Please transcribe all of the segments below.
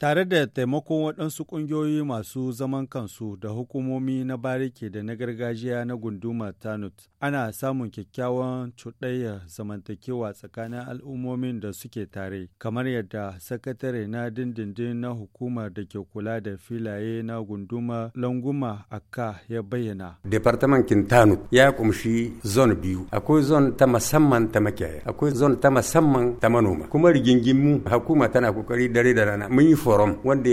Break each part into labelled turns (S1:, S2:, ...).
S1: tare da taimakon waɗansu ƙungiyoyi masu zaman kansu da hukumomi na bariki da na gargajiya na gunduma tanut ana samun kyakkyawan cuɗayyar zamantakewa tsakanin al'ummomin da suke tare kamar yadda sakatare na dindindin na hukumar da ke kula da filaye na gunduma languma akka ya bayyana
S2: departament tanut ya kumshi zon biyu akwai zon ta musamman ta makiyaya akwai zon ta musamman ta manoma kuma rigingimu hukuma tana kokari dare da rana mun yi forum wanda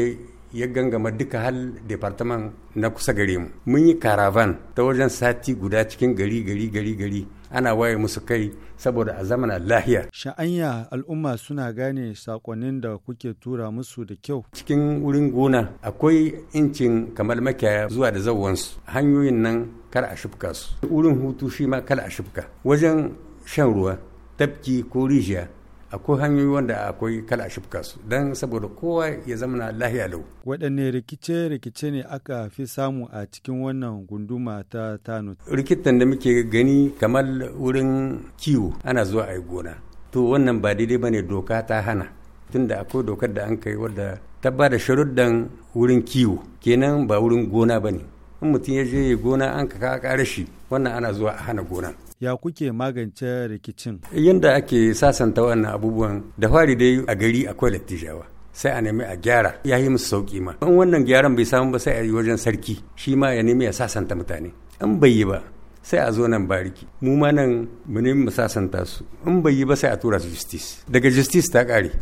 S2: ya gangama duka hal departaman na kusa gare mu mun yi karavan ta wajen sati guda cikin gari gari gari gari ana waye musu kai saboda a zamana lahiya
S1: sha'anya al'umma suna gane sakonnin da kuke tura musu da kyau
S2: cikin wurin gona akwai incin kamar makiyaya zuwa da zawansu hanyoyin nan kar a shifka su wurin hutu shi ma kar a shifka wajen shan ruwa tafki ko rijiya akwai hanyoyi wanda akwai kala a shifka su don saboda kowa ya zama lahiya lau.
S1: waɗanne rikice-rikice ne aka fi samu a cikin wannan gunduma ta tano.
S2: rikitan da muke gani kamar wurin kiwo ana zuwa a yi gona to wannan ba daidai ba ne doka ta hana tunda akwai dokar da an kai wadda ta ba da sharuddan wurin kiwo kenan ba wurin gona ba ne in mutum ya je gona an ka kare shi wannan ana zuwa a hana gona.
S1: ya kuke magance rikicin yadda
S2: ake sasanta wannan abubuwan da fari dai a gari akwai lattijawa sai a nemi a gyara ya yi musu sauki ma in wannan gyaran bai samu ba sai a yi wajen sarki shi ma ya nemi ya sasanta mutane in bai yi ba sai a zo nan bariki mu ma nan mu nemi mu sasanta su in bai yi ba sai a tura su justice daga justice ta kare